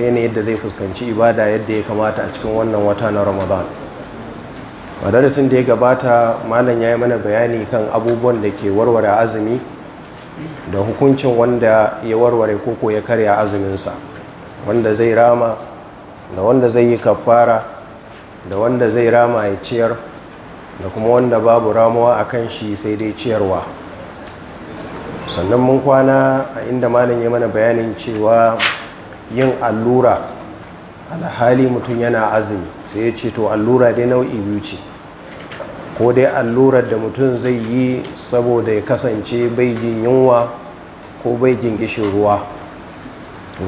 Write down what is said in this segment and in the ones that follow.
ta yanayin yadda zai fuskanci ibada yadda ya kamata a cikin wannan wata na ramadan a darasin da ya gabata malam ya yi mana bayani kan abubuwan da ke warware azumi da hukuncin wanda ya warware koko ya karya azuminsa wanda zai rama da wanda zai yi kafara da wanda zai rama ya ciyar da kuma wanda babu ramuwa a kan shi sai dai ciyarwa sannan mun kwana a inda malam ya mana bayanin cewa yin allura alhali mutum yana azumi sai ya ce to allura dai nau'i biyu ce ko dai allurar da mutum zai yi saboda ya kasance bai jin yunwa ko bai jin gishin ruwa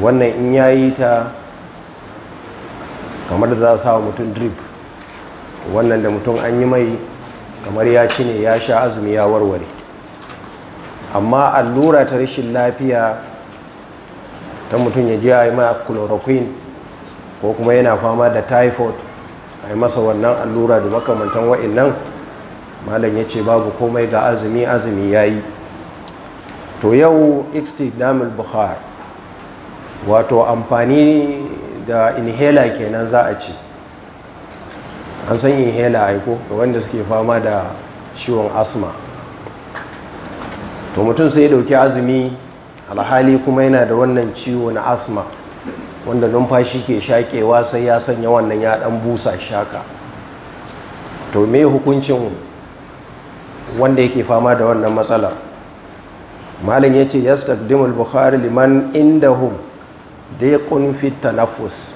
wannan in ya yi ta kamar da za a sawa mutum drip wannan da mutum an yi mai kamar ya ci ne ya sha azumi ya warware amma allura ta rashin lafiya ta mutum ya je a yi ma chloroquine ko kuma yana fama da typhoid a yi masa wannan allura da makamantan wa'annan malam ya ce babu komai ga azumi azumi ya yi to yau ikstidamul buhar wato amfani da inhaler kenan za a ce an san inhaler aiko da wanda suke fama da ciwon asma to mutum sai ya dauki azumi alhali kuma yana da wannan ciwo na asma wanda numfashi ke shaƙewa sai ya sanya wannan ya dan busa shaka to me hukuncin wanda yake fama da wannan matsalar malin ya ce ya bukhari liman indahum ya kunfi tanafus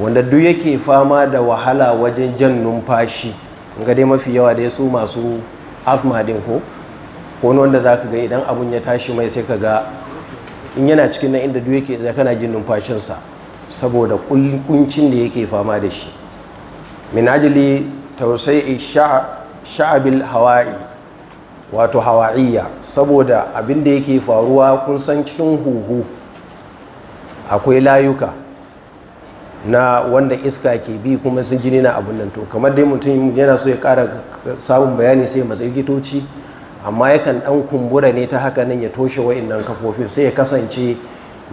wanda duk yake fama da wahala wajen jan numfashi ga dai mafi yawa da ya su masu asma din ko wani wanda za ka ga idan abun ya tashi mai sai ka ga in yana cikin na inda duk yake kana jin numfashinsa saboda kuncin da yake fama da shi min ajili tausai sha'abil hawa'i wato hawa'iyya saboda abin da yake faruwa kun san cikin huhu akwai layuka na wanda iska ke bi kuma sun jini na abin nan to kamar dai mutum yana so ya kara samun bayani sai matsayi gitoci amma yakan ɗan kumbura ne ta haka nan ya toshe wa'innan kafofin sai ya kasance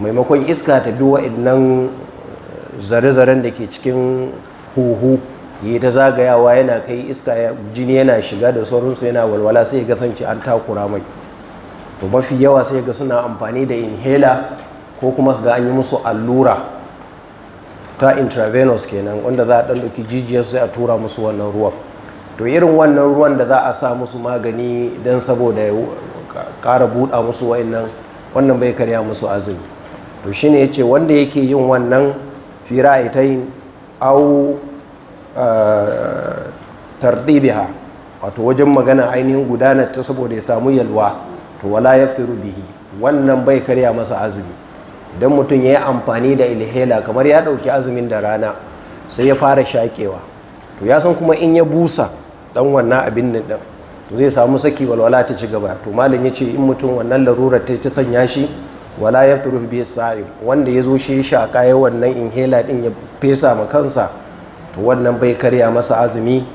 maimakon iska ta bi wa'innan eh, zare-zaren da ke cikin huhu ya ta zagayawa yana kai iska jini yana shiga da sauransu yana walwala sai ya kasance an takura mai to mafi yawa sai ga suna amfani da inhaler ko kuma ga an yi musu allura ta intravenous kenan wanda za a ɗan ɗauki jijiyar sai a tura musu wannan ruwan to irin wannan ruwan da za a sa musu magani don saboda ya kara buɗa musu wa'annan wannan bai karya musu azumi to shi ne ya ce wanda yake yin wannan fira ita yin au eh, tardibiha wato wajen magana ainihin gudanar ta saboda ya samu yalwa to wala fi bihi wannan bai karya masa azumi idan mutum ya yi amfani da ilhela kamar ya ɗauki azumin da rana sai ya fara shaƙewa, to ya san kuma in ya busa dan wannan abin nan din to zai samu saki walwala ta ci gaba to malam ya ce in mutum wannan larurar ta ta sanya shi wala ya turu bi sa'im wanda ya zo shi shaka ya wannan inhaler din ya fesa ma kansa to wannan bai karya masa azumi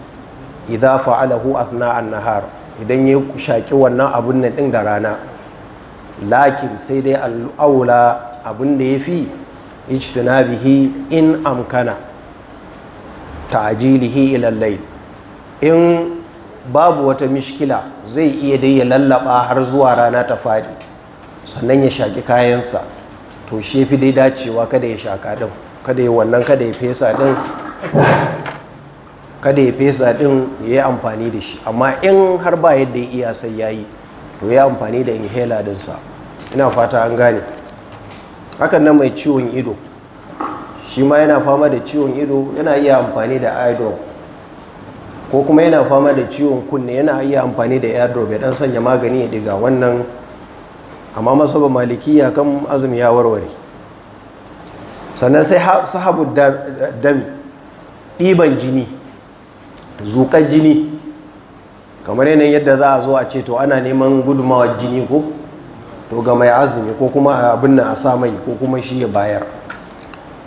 idza fa'alahu athna an-nahar idan ya shaki wannan abun nan din da rana lakin sai dai aula abun da yafi ijtinabihi in amkana ta'jilihi ila al-layl in babu wata mishkila zai iya dai ya lallaba har zuwa rana ta fadi sannan ya shaki kayansa to shi dai dacewa kada ya shaka din kada ya wannan kada ya fesa din kada ya fesa din ya yi amfani da shi amma in har ba yadda ya iya sai ya yi to ya amfani da inhaler dinsa ina fata an gane hakan na mai ciwon ido shi ma yana fama da ciwon ido yana iya amfani da idol ko kuma yana fama da ciwon kunne yana iya amfani da airdrop ya dan sanya magani ya diga wannan amma masaba malikiya kan azumi ya warware sannan sai sahabu dami ɗiban jini zuƙar jini kamar yanayin yadda za a zo a ce to ana neman gudunmawar jini ko to ga mai azumi ko kuma abin nan a sa mai ko kuma shi ya bayar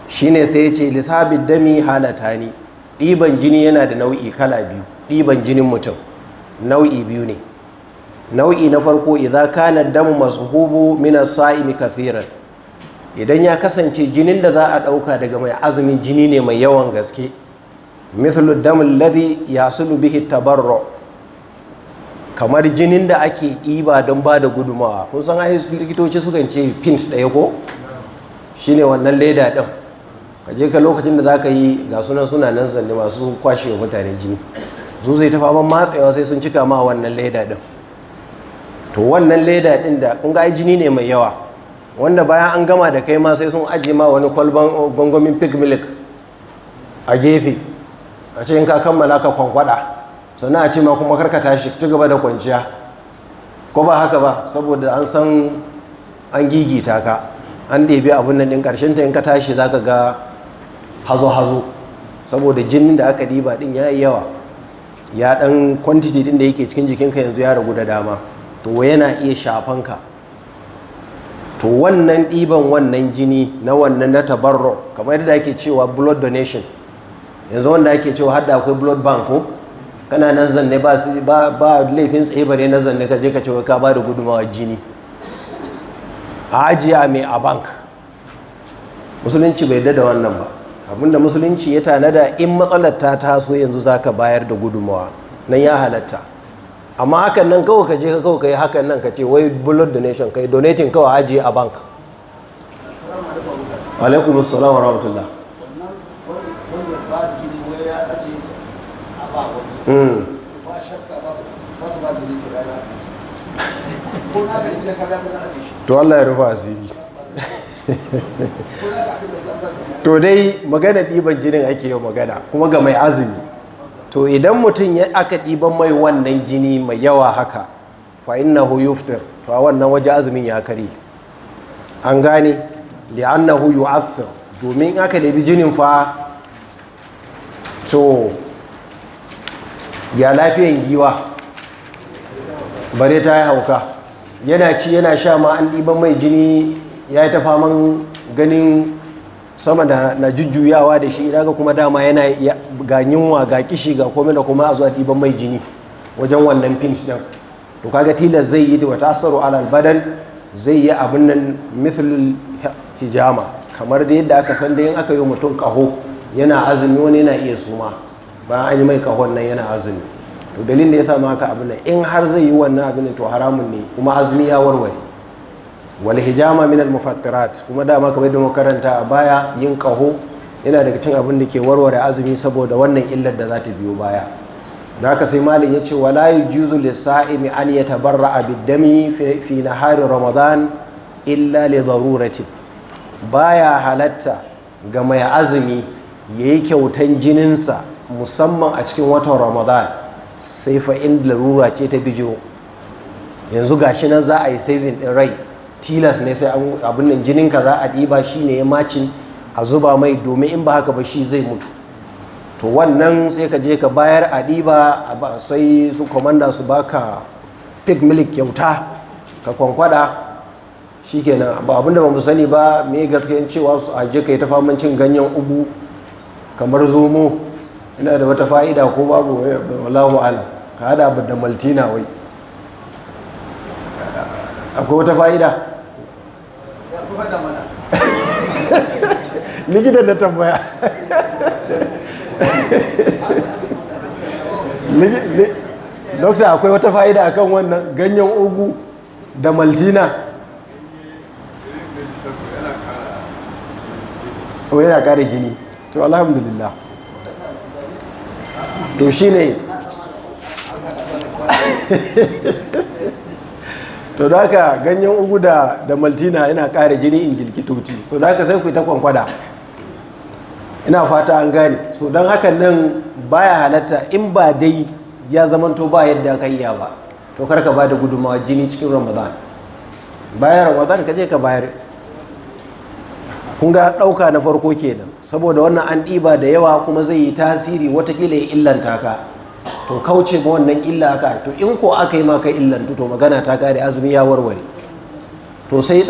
shine sai ya ce lissabi dami halata ne ɗiban jini yana da nau'i kala biyu ɗiban jinin mutum nau'i biyu ne nau'i na farko idza kana damu mashubu min as-sa'imi kathiran idan ya kasance jinin da za a ɗauka daga mai azumi jini ne mai yawan gaske mithlu ladi ya sulu bihi tabarro kamar jinin da ake ɗiba don ba da gudumawa kun san ai likitoci sukan ce pint ɗaya ko shine wannan leda ɗin ka je ka lokacin da za ka yi ga sunan suna nan zanne masu kwashe wa mutane jini Zuza'i ta faman matsewa sai sun cika ma wannan leda din to wannan leda din da kun ga jini ne mai yawa wanda bayan an gama da kai ma sai sun ajiye ma wani kwalban eh, gongomin pig milk a gefe a ce in ka kammala ka kwankwada sannan a ce ma kuma karka tashi ci gaba da kwanciya ko ba haka ba saboda an san an gigita ka an ɗebi abin nan ɗin ƙarshen ta in ka tashi za ka ga hazo-hazo saboda jinin da aka diba din ya yi yawa ya dan kwantiti din da yake cikin jikinka yanzu ya ragu da dama to yana iya shafan ka to wannan diban wannan jini na wannan na tabarro kamar yadda ake cewa blood donation yanzu wanda ake cewa har da akwai blood bank ko kana nan zanne ba laifin tsaye bare na zanne ka je ka cewa ka ba da gudunmawar jini a ajiya mai a bank musulunci bai da wannan ba abinda musulunci ya tanada in matsalar ta taso yanzu zaka bayar da gudunmawa nan ya halatta amma hakan nan kawai ka je ka kawai yi hakan nan ka ce wai blood donation ka yi donating kawo ajiye a bank alaikum assalam wa rahmatullah hmm. to Allah ya rufa asiri to dai magana ɗiban jinin ake yau magana kuma ga mai azumi to idan mutum ya aka ɗiban mai wannan jini mai yawa haka fa huyu yuftir to a wannan waje azumin ya kare an gane li'annahu yu'athir domin aka ɗabi jinin fa to ya lafiyan giwa bare ta yi hauka yana ci yana sha ma an ɗiban mai jini ya yi ta faman ganin sama da na jujjuyawa da shi ga kuma dama yana ga yunwa ga kishi ga komai da kuma a ɗiban mai jini wajen wannan pint ɗin to kaga tilas zai yi wata asaru alal badan zai yi abin nan mithlul hijama kamar da yadda aka san da yin aka yi mutum kaho yana azumi wani yana iya suma ba an yi mai kahon nan yana azumi to dalilin da ya sa haka abin nan in har zai yi wannan abin to haramun ne kuma azumi ya warware wal hijama min al mufattirat kuma dama kamar da karanta a baya yin kaho yana daga cin abin da ke warware azumi saboda wannan illar da za ta biyo baya da haka sai malin ya ce wala yujuzu lisa'imi an yatabarra bid-dami fi nahari ramadan illa li darurati baya halatta ga mai azumi yayi kyautan jininsa musamman a cikin watan ramadan sai fa in larura ce ta bijiro yanzu gashi nan za a yi saving din rai tilas ne sai abin nan jinin ka za a ɗiba shi ne ya macin a zuba mai domin in ba haka ba shi zai mutu to wannan sai ka je ka bayar a ɗiba sai su komanda su baka pig milk kyauta ka kwankwada shi kenan ba abinda ba mu sani ba me gaskiyan cewa su aje ka yi ta faman cin ganyen ugu kamar zomo ina da wata fa'ida ko babu wallahu alam ka hada da maltina wai akwai wata fa'ida likitan na tambaya dokta akwai wata fa'ida akan wannan ganyen ugu da maltina o oh, yana kare gini to alhamdulillah to shi ne to da haka ganyen ugu da da maltina yana kare jini in gilgitoci to da haka sai ku ta kwankwada ina fata an gane so don haka nan baya halatta in ba dai ya zamanto ba yadda ka iya ba to karka ba da gudunmawa jini cikin ramadan bayan ramadan ka je ka bayar kunga ga ɗauka na farko kenan saboda wannan an ɗiba da yawa kuma zai yi tasiri watakila ya illanta ka to kauce ma wannan illa ka to in ko aka yi maka illan to magana ta kare azumi ya warware to sai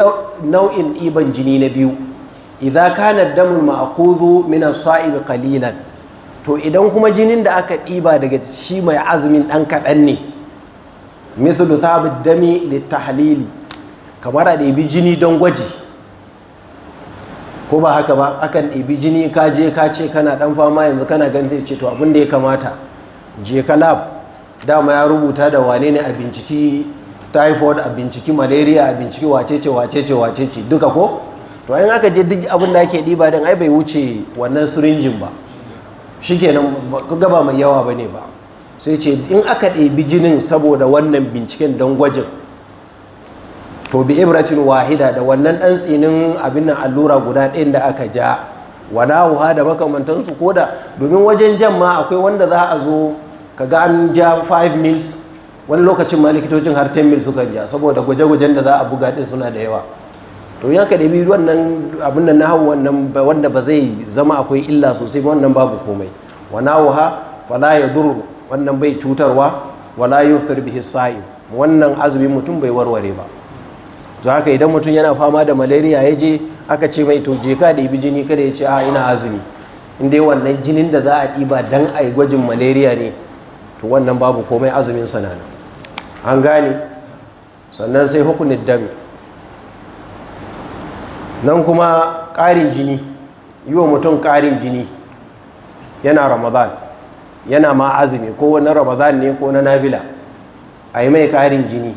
nau'in ɗiban jini na biyu idza kana damul ma'khudhu min as-sa'ib qalilan to idan kuma jinin da aka ɗiba daga shi mai azumin ɗan kaɗan ne mithlu thabit dami litahlili kamar a ɗebi jini don gwaji ko ba haka ba akan ɗebi jini ka je ka ce kana ɗan fama yanzu kana gan sai ce to abin da ya kamata je lab dama ya rubuta da wane ne a binciki typhoid a binciki malaria a binciki wacece wacece wacece duka ko to in aka je duk abin da ake ɗiba don ai bai wuce wannan sirinjin ba shikenan gaba mai yawa ba ne ba sai ce in aka ɗebi jinin saboda wannan binciken don gwajin to bi ibratin wahida da wannan ɗan tsinin abin nan allura guda ɗayan da aka ja wadahuha da makamantansu ko da domin wajen jan ma akwai wanda za a zo Ka ga an ja 5 mils wani lokacin ma likitocin har 10 mils sukan ja saboda gwaje-gwajen da za a buga din suna da yawa to yan ka ɗabi wannan abin na hau wannan wanda ba zai zama akwai illa sosai ba wannan babu komai wa nawaha fala yadur wannan bai cutarwa wala yuftar bihi sa'i wannan azumin mutum bai warware ba to haka idan mutum yana fama da malaria ya je aka ce mai to je ka jini kada ya ce a ah, ina azumi inda wannan jinin da za a ɗiba dan a gwajin malaria ne to wannan babu komai azumin sanana an gane sannan sai hukunin dami nan kuma ƙarin jini yi wa mutum ƙarin jini yana ramadan yana ma azumi ko wani ramadan ne ko na nabila a yi mai ƙarin jini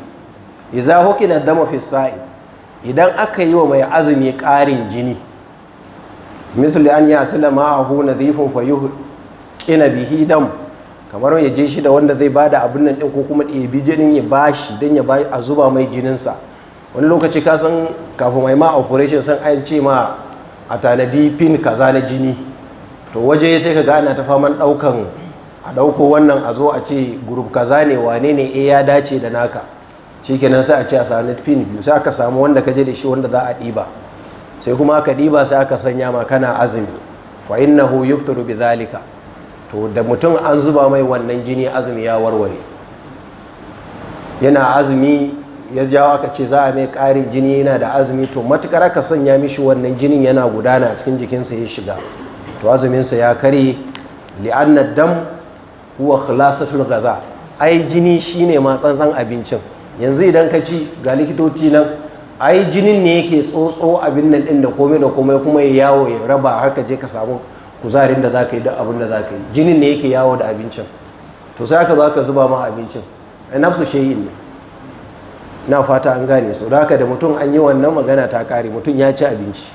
iza hukunin dama fi sa'in idan aka yi wa mai azumi ƙarin jini misali an yi asila ma'ahu na zifin fayuhu ƙina bihi damu kamar ya je shi da wanda zai ba da abin nan ɗin ko kuma ɗaya bi jinin ya shi don ya a zuba mai jininsa wani lokaci ka san kafin mai ma operation san an ce ma a tanadi pin kaza na jini to waje sai ka gana ta faman ɗaukan a ɗauko wannan a zo a ce group kaza ne wane ne eh ya dace da naka kenan sai a ce a sami pin biyu sai aka samu wanda ka je da shi wanda za a ɗiba sai kuma aka ɗiba sai aka sanya ma kana azumi fa innahu yuftaru bi zalika to da mutum an zuba mai wannan jini azumi ya warware yana azumi ya jawo aka ce za a mai ƙarin jini yana da azumi to matukar aka sanya mishi wannan jinin yana gudana a cikin jikinsa ya shiga to azuminsa ya kare li'anna dam huwa khulasatul gaza ai jini shine ma tsantsan abincin yanzu idan ka ci ga likitoci nan ai jinin ne yake tsotso abin nan din da komai da komai kuma ya yawo ya raba har ka je ka samu kuzarin da za ka yi duk abin da za ka yi jinin ne yake yawo da abincin to sai aka zo ka zuba ma abincin ai nafsu shayin ne na fata an gane So da haka da mutum an yi wannan magana ta kare mutum ya ci abinci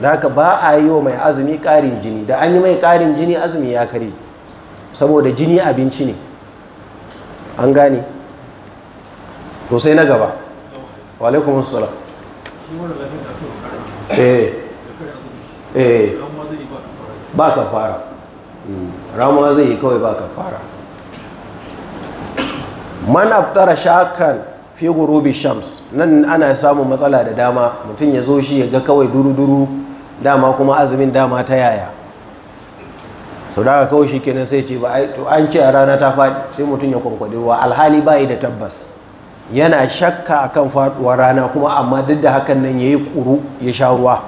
da haka ba a yi wa mai azumi karin jini da an yi mai karin jini azumi ya kare saboda jini abinci ne an gane to sai na gaba wa alaikumussalam eh eh ba ka fara hmm. ramuwa zai yi kawai ba ka fara man aftara shakan fi gurubi shams nan ana samun matsala da dama mutum ya zo shi ya ga kawai duru-duru dama kuma azumin dama ta yaya sau da kawai shi kenan sai ce ba an ce a rana ta faɗi sai mutum ya kwankwade ruwa alhali bayi da tabbas yana shakka akan faɗuwa rana kuma amma duk da hakan nan ya yi ƙuru ya sha ruwa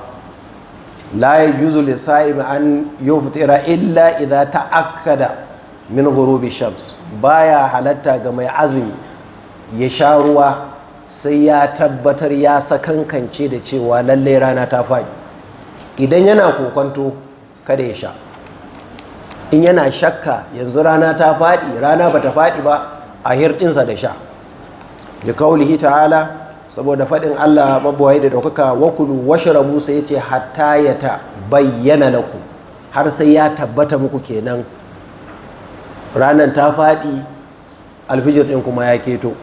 la ya juzu lissa'im an yi fitira illa idan ta akkada min gurubi shams baya halatta ga mai azumi ya sha ruwa sai ya tabbatar ya sakankance da cewa lallai rana ta faɗi idan yana kokonto kada ya sha in yana shakka yanzu rana ta faɗi rana ba ta faɗi ba a hirɗinsa da sha kawo kaulihi ta'ala saboda faɗin Allah mabuwayi da ɗaukaka wakulu rabu sai yace hatta ya ta bayyana naku. har sai ya tabbata muku kenan ranar ta faɗi alfijir ɗin kuma ya keto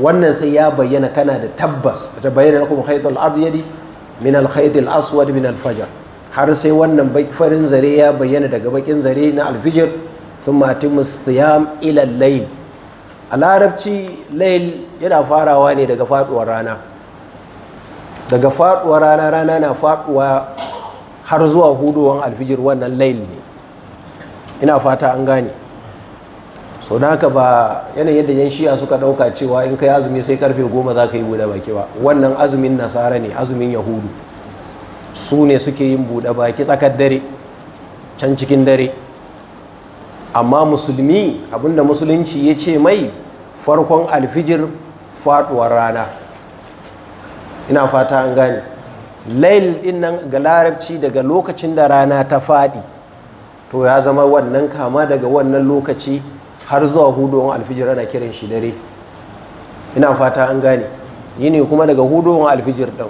wannan sai ya bayyana kana da tabbas ta bayyana lakum haitul abyadi min al aswad min al har sai wannan farin zare ya bayyana daga bakin zare na alfijir sun matin musu ila al a larabci lail yana farawa ne daga faduwar rana daga faduwar rana rana na faduwa har zuwa huduwan alfijir wannan lail ne ina fata an gane so na ka ba yanayin yadda yan shi'a suka dauka cewa in kai azumi sai karfe goma za ka yi buɗe baki ba wannan azumin nasara ne azumin yahudu su ne suke yin buɗe baki tsakar dare can cikin dare amma musulmi abinda musulunci ya ce mai farkon alfijir faduwar rana ina fata an gane lail nan ga larabci daga lokacin da rana ta fadi to ya zama wannan kama daga wannan lokaci har zuwa hudowar alfijir ana kiran shi dare ina fata an gane yini kuma daga hudowar alfijir din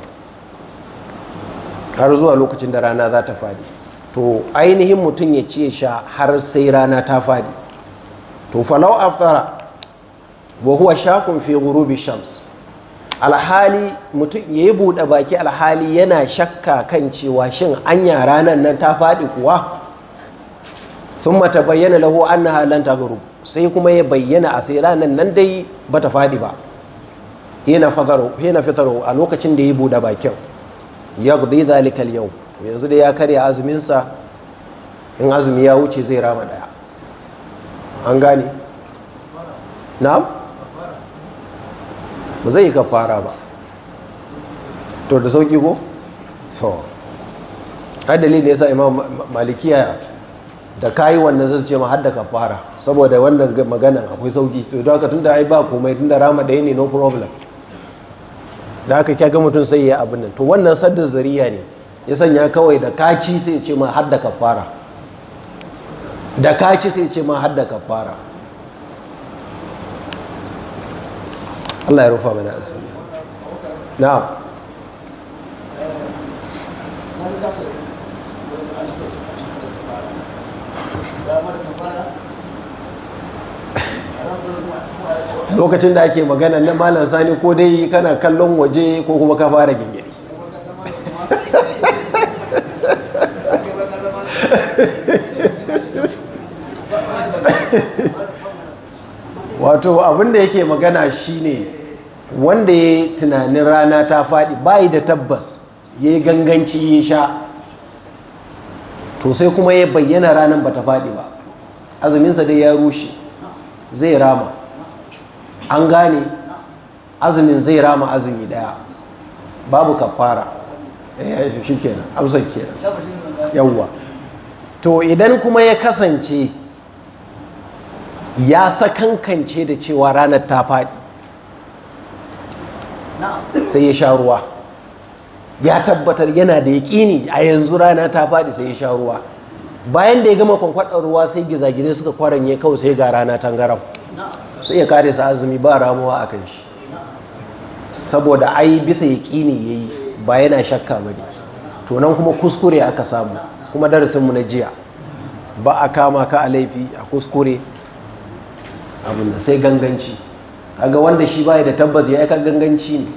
har zuwa lokacin da rana za ta fadi. to ainihin mutum ya ce sha har sai rana ta fadi to falau aftara wa huwa shakun fi gurubi shams alhali mutum ya yi buɗe baki alhali yana shakka kan cewa shin anya ranar nan ta faɗi kuwa sun mata bayyana lahu an na halin sai kuma ya bayyana a sai ranar nan dai ba ta faɗi ba yana fitarwa a lokacin da ya buɗe bakin ya gudu zalikal yau yanzu da ya karya azuminsa in azumi ya wuce zai rama daya an gane na'am ba zai yi kafara ba to da sauki ko so hadali ne sa imam malikiya da kayi wannan zai ce ma ka kafara saboda wannan maganan akwai sauki to aka tun da ai ba komai tun da rama daya ne no problem da aka ga mutum sai ya abin nan to wannan sadda zariya ne ya sanya kawai da kaci sai ce ma har da kafara da kaci sai ce ma har da kafara Allah ya rufa mana asiri na'am lokacin da ake magana na malam sani ko dai kana kallon waje ko kuma ka fara gingiri wato abinda yake magana shine wanda ya tunanin rana ta faɗi bayi da tabbas ya yi ganganci ya sha to sai kuma ya bayyana ranar ba ta faɗi ba azuminsa dai ya rushe zai rama an gane azumin zai rama azumi daya babu kafara ya eh, shi kenan amsar kenan yawwa to idan kuma ya kasance ya sakankance da cewa ranar ta faɗi sai ya sha ruwa ya tabbatar yana da yaƙini a yanzu rana ta faɗi sai ya sha ruwa bayan da ya gama kwankwaɗar ruwa sai gizagizai suka kwaran ya kawai sai ga rana tangaram sai ya kare sa azumi ba ramuwa a kan shi saboda ai bisa yaƙini ya yi ba yana shakka ba ne to nan kuma kuskure aka samu kuma darasinmu na jiya ba a kama ka a laifi a kuskure abin sai ganganci kaga wanda shi baya da tabbas ya aika ganganci ne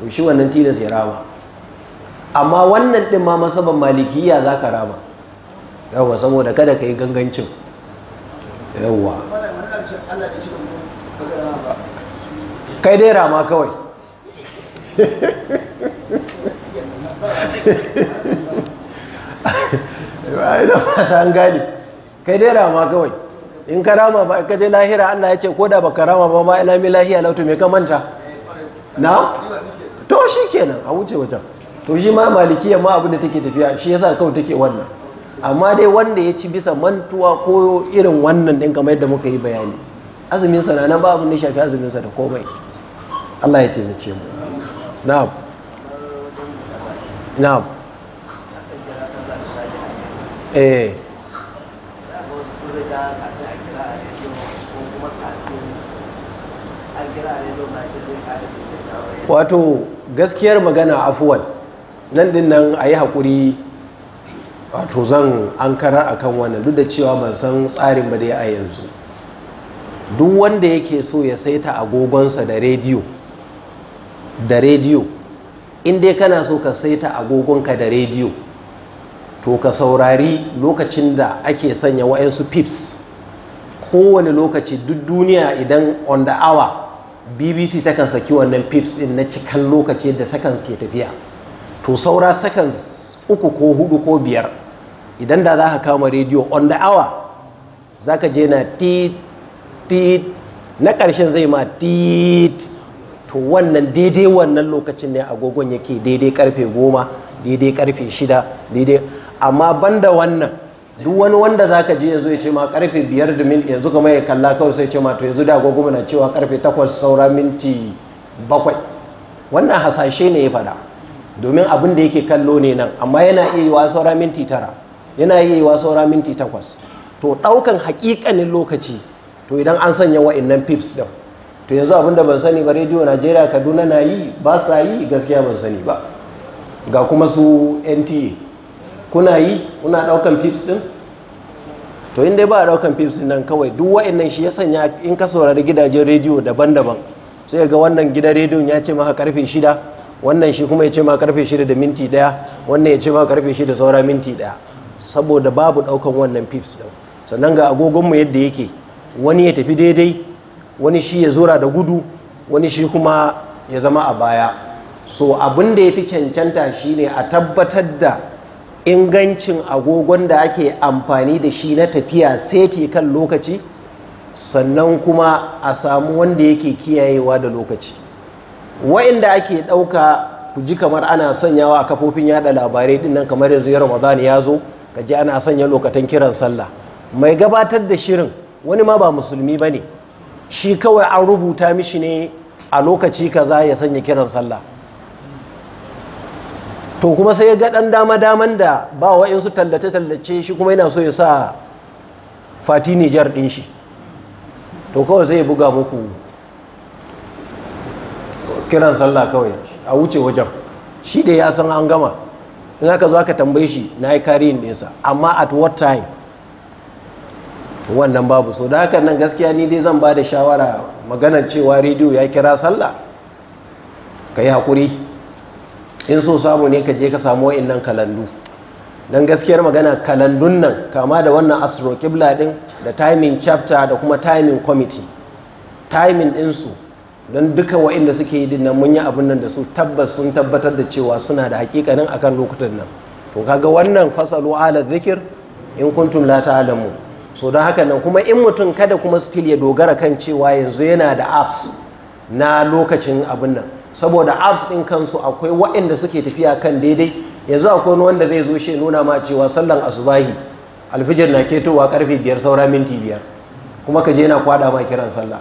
to shi wannan tilas ya rama amma wannan din ma masaban malikiya za ka rama yawa saboda kada ka yi gangancin yawa kai dai rama kawai ina mata an gane kai dai rama kawai in ka rama ba ka je lahira Allah ya ce ko da baka rama ba ma ina mi lahiya lautu me ka manta na to shi kenan a wuce wajen to shi ma malikiya ma abin da take tafiya shi yasa kawai take wannan amma dai wanda ya ci bisa mantuwa ko irin wannan din kamar yadda muka yi bayani azumin sa na ba abin da shafi azumin sa da komai Allah ya taimake mu na'am na'am eh wato gaskiyar magana afuwan nan din nan a yi haƙuri wato zan an karar a kan wannan duk da cewa ban san tsarin ba dai a yanzu duk wanda yake so ya saita agogonsa da rediyo da rediyo in dai kana so ka saita agogonka da rediyo to ka saurari lokacin da ake sanya wa'yansu pips kowane lokaci duk duniya idan on the hour bbc takan saki wannan pips din na cikin lokaci da seconds ke tafiya to saura seconds uku ko hudu ko biyar idan da za ka kama rediyo on the hour za ka je na tit na ƙarshen zai ma tit to wannan daidai wannan lokacin ne agogon yake daidai karfe goma daidai karfe shida daidai amma banda wannan duk wani wanda zaka ka je yanzu ya ce ma karfe biyar da yanzu kamar ya kalla kawai sai ce ma to yanzu da agogo na cewa karfe 8 saura minti 7 wannan hasashe ne ya fada domin abin da yake kallo ne nan amma yana iya yiwa saura minti 9 yana iya yiwa saura minti 8 to daukan hakikanin lokaci to idan an sanya wa'innan pips din to yanzu abin da ban sani ba radio najeriya kaduna na yi ba sa yi gaskiya ban sani ba ga kuma su nta kuna yi kuna daukan pips din to in ba a daukan pips din nan kawai duk wa'annan shi ya sanya in ka saurari gidajen rediyo daban-daban sai ga wannan gidan rediyon ya ce maka karfe shida wannan shi kuma ya ce maka karfe shida da minti daya wannan ya ce maka karfe shida saura minti daya saboda babu daukan wannan pips din sannan ga agogon mu yadda yake wani ya tafi daidai wani shi ya zura da gudu wani shi kuma ya zama a baya so abin da ya fi cancanta shine a tabbatar da ingancin agogon da ake amfani da shi na tafiya seti kan lokaci sannan kuma a samu wanda yake kiyayewa da lokaci wa'inda ake ɗauka ku ji kamar ana sanyawa a kafofin yada labarai din nan kamar yanzu ya ramadan ya zo ka ji ana sanya lokatan kiran sallah mai gabatar da shirin wani ma ba musulmi ba ne shi kawai an rubuta mishi ne a lokaci kaza ya sanya kiran sallah to kuma sai ya ga ɗan dama daman da ba wa su tallace tallace shi kuma yana so ya sa fati nijar ɗin shi to kawai sai buga muku kiran sallah kawai a wuce wajen shi da ya san an gama in aka zo aka tambaye shi na yi kariyin nesa amma at what time wannan babu so da haka nan gaskiya ni dai zan ba da shawara maganar cewa rediyo ya kira sallah ka yi haƙuri in so samu ne ka je ka samu wa'annan kalandu don gaskiyar magana kalandun nan kama da wannan astro kibla din da timing chapter da kuma timing committee timing dinsu don duka wa'inda suke yi dinnan mun yi abin nan da su tabbas sun tabbatar da cewa suna da hakikanin akan lokutan nan to kaga wannan fasalu ala zikir in kuntum la ta'lamu so don haka nan kuma in mutum kada kuma still ya dogara kan cewa yanzu yana da apps na lokacin abin nan saboda apps ɗin kansu akwai waɗanda suke tafiya kan daidai yanzu akwai wanda zai zo shi nuna ma cewa sallan asubahi alfijir na ketowa karfe biyar saura minti biyar kuma ka je yana kwada ma kiran sallah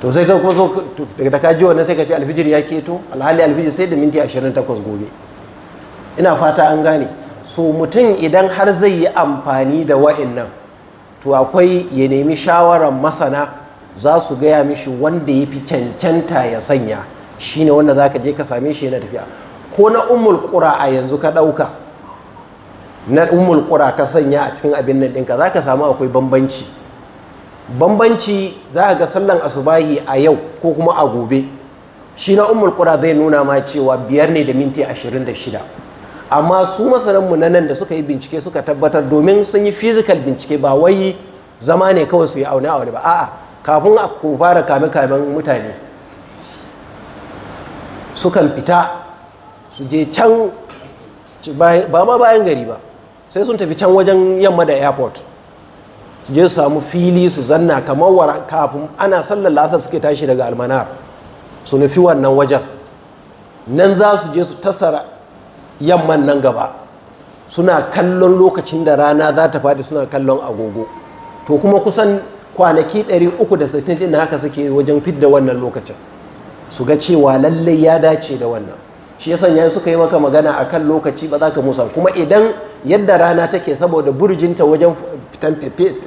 to sai ka kuma so daga ka ji wannan sai ka ce alfijir ya keto alhali alfijir sai da minti 28 gobe ina fata an gane so mutum idan har zai yi amfani da wa'annan to akwai ya nemi shawarar masana za su gaya mishi wanda ya fi cancanta ya sanya shine wanda zaka je ka same shi yana tafiya ko na ummul qura a yanzu ka dauka na ummul qura ka sanya a cikin abin nan Za zaka samu akwai bambanci bambanci za ga sallan asubahi a yau ko kuma a gobe shi na ummul qura zai nuna ma cewa biyar ne da minti 26 amma su masaranmu na nan da suka yi bincike suka tabbatar domin sun yi physical bincike ba wai zama ne kawai su yi aune wani ba a'a kafin a fara kame kamen mutane sukan fita su je can ba ma bayan gari ba sai sun tafi can wajen yamma da airport su je su samu fili su zanna kamar kafin ana sallar lasar suke tashi daga almanar su nufi wannan wajen nan za su je su tasara yamman nan gaba suna kallon lokacin da rana za ta faɗi suna kallon agogo to kuma kusan kwanaki 360 na haka suke wajen fidda wannan lokacin su ga cewa lallai ya dace da wannan shi ya sanya suka yi maka magana a kan lokaci ba za ka musa kuma idan yadda rana take saboda burjinta wajen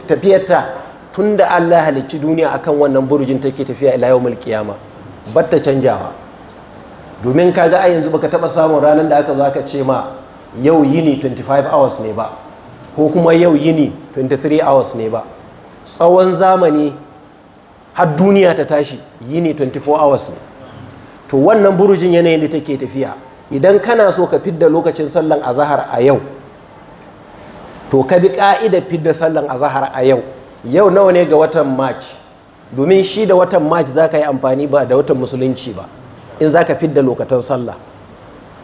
tafiyarta tun da allah halicci duniya akan wannan burjin take tafiya ila yau mulkiyama ta canjawa domin ka ga a yanzu baka taba samun ranar da aka zo aka ce ma yau yini 25 hours ne ba ko kuma yau yini 23 hours ne ba tsawon zamani har duniya ta tashi yini 24 hours ne to wannan burujin yanayin da take tafiya idan kana so ka fidda lokacin sallan azahar a yau to ka bi ka'idar fidda sallan azahar a yau yau nawa ne ga watan march domin shi da watan march za ka yi amfani ba da watan musulunci ba in za ka fidda lokacin sallah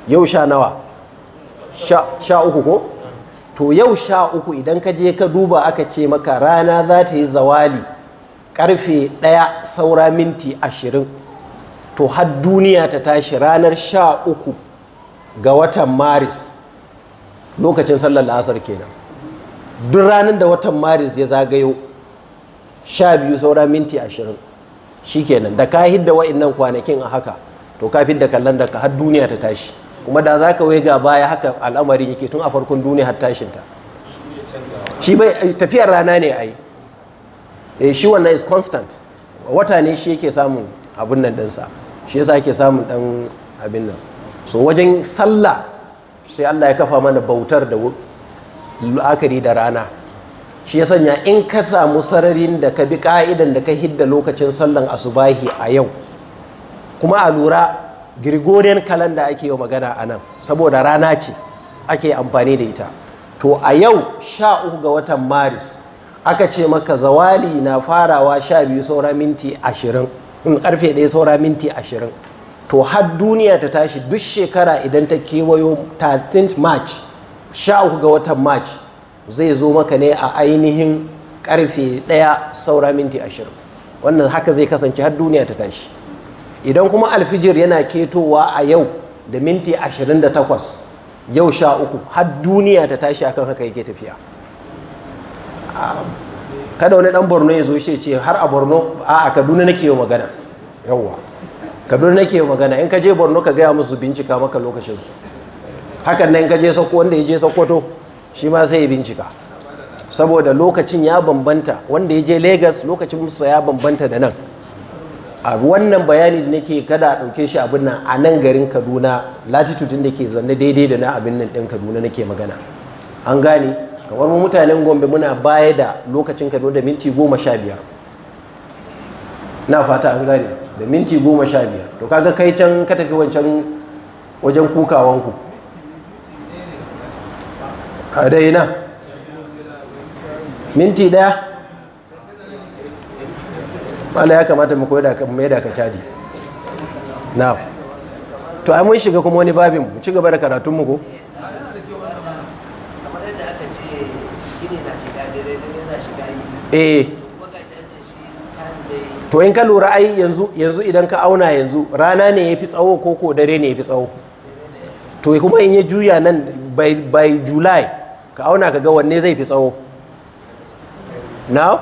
yau sha nawa sha uku ko to yau sha uku idan ka je ka duba aka ce maka rana za ta yi zawali karfe ɗaya saura minti ashirin to har duniya ta tashi ranar sha uku ga watan maris lokacin sallar la'asar kenan duk ranar da watan maris ya zagayo sha biyu saura minti ashirin shi kenan da ka hidda wa'innan kwanakin a haka to ka fidda kallon da ka har duniya ta tashi kuma da za ka wai ga baya haka al'amarin yake tun a farkon duniya har tashinta shi bai eh, tafiyar rana ne ai eh, shi wannan is constant wata ne shi yake samun abin nan dansa. shi yasa ake samun dan abin nan so wajen sallah sai Allah ya kafa mana bautar da la'akari da rana shi ya sanya in ka samu sararin da ka bi ka'idan da ka hidda lokacin sallan asubahi a yau kuma a lura gregorian calendar ake yi magana a nan saboda rana ce ake amfani da ita to a yau sha uku ga watan maris aka ce maka zawali na farawa sha biyu saura minti ashirin in karfe ɗaya saura minti ashirin to har duniya ta tashi duk shekara idan ta kewayo 13 march 13 ga watan march zai zo maka ne a ainihin karfe ɗaya saura minti ashirin wannan haka zai kasance har duniya ta tashi idan kuma alfijir yana ketowa a yau da minti ashirin da 28 yau sha uku har duniya ta tashi akan haka yake tafiya ah, kada wani dan borno ya zo shi ce har a borno a kaduna nake yau magana yawwa kaduna nake yau magana in ka je borno ka gaya musu bincika maka lokacinsu hakan nan in ka je sako wanda ya je sokoto shi ma sai ya bincika saboda lokacin ya bambanta wanda ya je lagos lokacin musa ya bambanta da nan a wannan bayani da nake kada a ɗauke shi abin nan a nan garin kaduna latitudin da ke zanne daidai da na abin nan ɗin kaduna nake magana an gane kamar mu mutanen gombe muna baya da lokacin kano da minti goma sha biyar na fata an gane da minti goma sha biyar to kaga kai can ka tafi wancan wajen kukawanku a dai na minti daya mala ya kamata mu mai da ka cadi na to ai mun shiga kuma wani babin mu ci gaba da karatunmu ko eh to in ka lura ai yanzu yanzu idan ka auna yanzu rana ne yafi tsawo ko ko dare ne yafi tsawo to kuma in ya juya nan by by july ka auna ka ga wanne zai fi tsawo now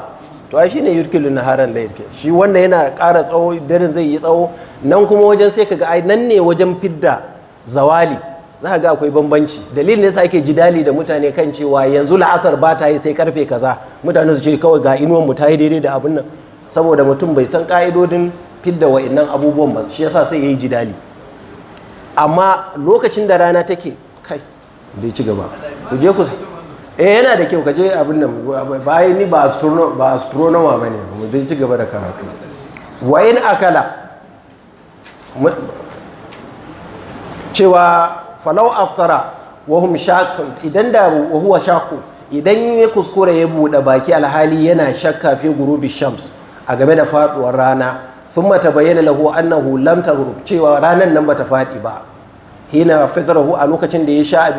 to ai shine yurkilu naharan la yurkil shi wanda yana kara tsawo daren zai yi tsawo nan kuma wajen sai ka ga ai nan ne wajen fidda zawali za a ga akwai bambanci dalilin ne yasa ake jidali da mutane kan cewa yanzu la'asar ba ta yi sai karfe kaza mutane su ce kawai ga inuwan mu ta yi daidai da abin nan saboda mutum bai san ka'idodin fidda wa'annan abubuwan ba shi yasa sai yayi jidali amma lokacin da rana take kai da ci gaba ku je ku eh yana da kyau ka je abin nan ba ni ba astrono ba astronomer bane mu dai ci gaba da karatu wayin akala cewa falau aftara wa hum shakun idan da wa huwa shaku idan ya kuskure ya buɗe baki alhali yana shakka fi gurubi shams a game da faɗuwar rana thumma tabayyana lahu annahu lam taghrub cewa ranan nan bata faɗi ba hina fitrahu a lokacin da ya sha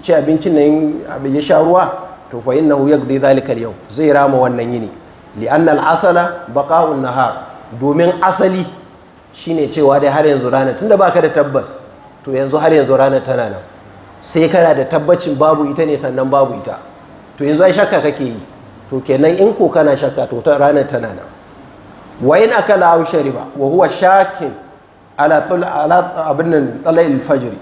ci abincin nan ya sha ruwa to fa innahu yaqdi ya al-yawm zai rama wannan yini li'anna al-asala na nahar domin asali shine cewa dai har yanzu rana tunda baka da tabbas to yanzu har yanzu ranar tana nan sai kana da tabbacin babu ita ne sannan babu ita to yanzu ai shakka kake yi to kenan in ko kana shakka to ta ranar tana nan wa in akala shariba wa huwa shakin ala tul ala abinnan talal fajr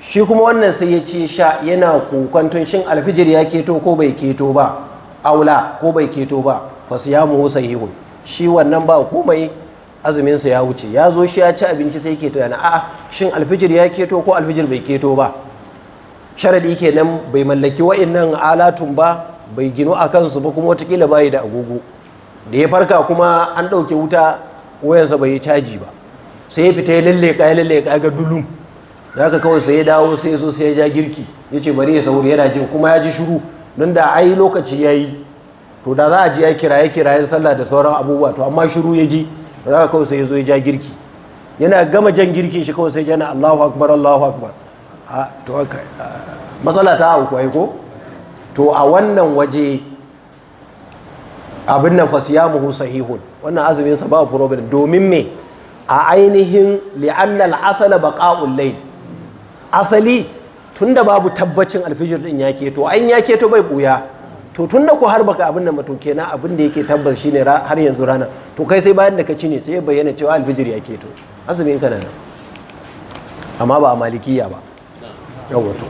shi kuma wannan sai ya ce sha yana kokantun shin alfijir ya keto ko bai keto ba aula ko bai keto ba fasiyamu sahihun shi wannan ba komai azuminsa ya wuce ya zo shi ya ci abinci sai keto yana a'a shin alfijir ya keto ko alfijir bai keto ba sharadi kenan bai mallaki wa'annan alatun ba bai gino a kansu ba kuma watakila bayi da agogo da ya farka kuma an ɗauke wuta wayansa bai yi caji ba sai ya fita ya lalleka ya lalleka ga dulum da haka kawai sai ya dawo sai ya zo sai ya ja girki ya ce bari ya sauri yana jin kuma ya ji shuru don da ai lokaci ya yi to da za a ji ya kiraye kirayen sallah da sauran abubuwa to amma shuru ya ji ba za kawai sai ya zo ya ja girki yana gama jan girki shi kawai sai yana allahu akbar allahu akbar to matsala ta hau kwaye ko to a wannan waje abin nan husa sahihun wannan azumin sa ba problem domin me a ainihin li'annal asala baqa'ul layl asali tunda babu tabbacin alfijir din ya keto an ya keto bai buya to tun da ku har baka abin da ba kenan abin da yake tabbas shine har yanzu rana to kai sai bayan da ka cine sai ya bayyana cewa alfijir ya keto azumin na nan amma ba malikiya ba yawa to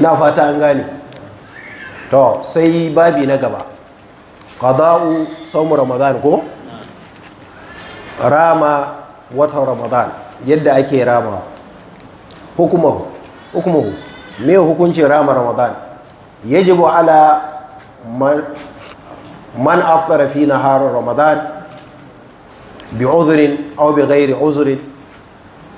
na fata an gane to sai babi na gaba qada'u sawm ramadan ko rama wata ramadan yadda ake rama hukumahu hukumahu me hukuncin rama ramadan yajibu ala man aftara fi nahar ramadan bi uzurin au bi gairi uzurin.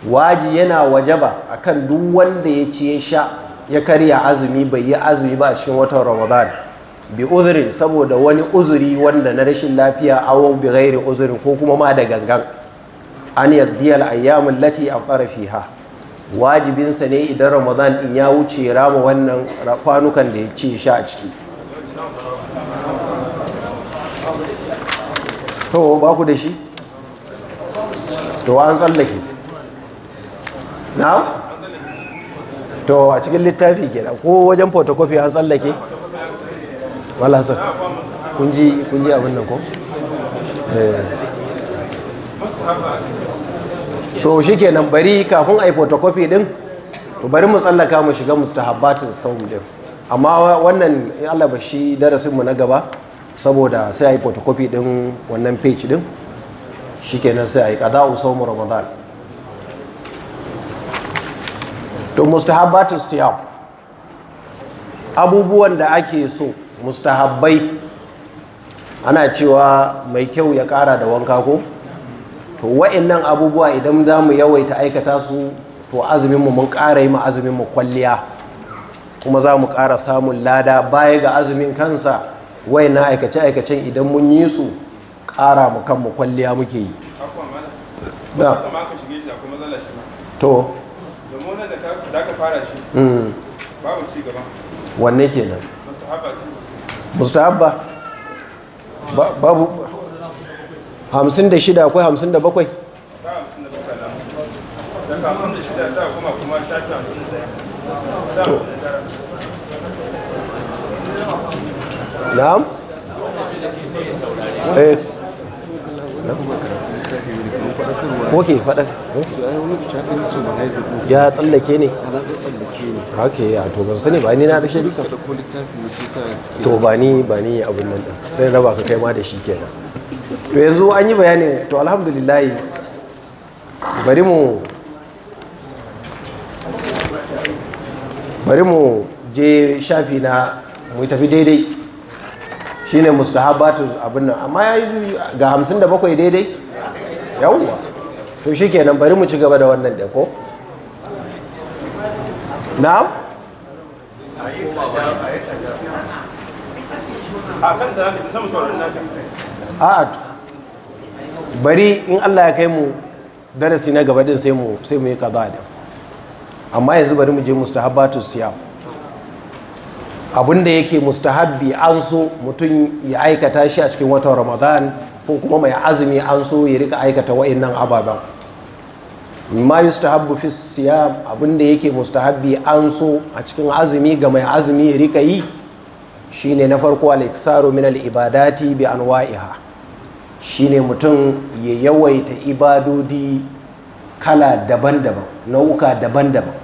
waji yana wajaba akan duk wanda ya ci ya sha ya karya azumi bai yi azumi ba a cikin watan ramadan bi uzrin saboda wani uzuri wanda na rashin lafiya awo bi gairi uzurin ko kuma ma da gangan an yaddiyar lati ayyam allati fi ha. wajibinsa ne idan ramadan in ya wuce rama wannan kwanukan da ya ce sha a ciki to ba ku da shi to an tsallake na to a cikin littafi ke ko wajen photocopy an tsallake wala kunji kun abin nan ko eh to shi kenan bari kafin a yi photocopy din to bari mu tsallaka mu shiga mustahabbatin saum din amma wannan in Allah ba shi darasin mu na gaba saboda sai a yi photocopy din wannan page din shi kenan sai a yi qada'u mu ramadan to mustahabbatin siyam abubuwan da ake so mustahabbai ana cewa mai kyau ya kara da wanka ko to wa'annan abubuwa idan za mu yawaita aikata su to azuminmu mun ƙara yi ma azuminmu kwalliya kuma za mu ƙara samun lada baya ga azumin kansa wa'annan aikace-aikacen idan mun yi su ƙara mu kanmu kwalliya muke yi to ke nan? Mm. mustahabba babu hamsin da shida akwai hamsin da bakwai ok faɗar ya tsallake ne ok a to ban sani ba ni na da shi to ba ni ba ni abin nan ɗin sai raba ka kai ma da shi kenan to yanzu an yi bayani to alhamdulillah bari mu bari mu je shafi na mu tafi daidai shine mustahabatu abin nan amma ga 57 daidai yawwa to shi nan bari mu ci gaba da wannan da ko na'am a bari in allah ya kai mu darasi na gaba din sai mu sai mu yi kaza da amma yanzu bari mu je mustahabbatu siyam abinda yake mustahabbi an so mutum ya aikata shi a cikin watan ramadan ko kuma mai azumi an so ya rika aikata wa'annan ababen ma yustahabbu fi siyam abinda yake mustahabbi an so a cikin azumi ga mai azumi ya rika yi shi ne na farko al-iksaru min al-ibadati bi Shi ne mutum ya yawaita ibadodi kala daban-daban nau'uka daban-daban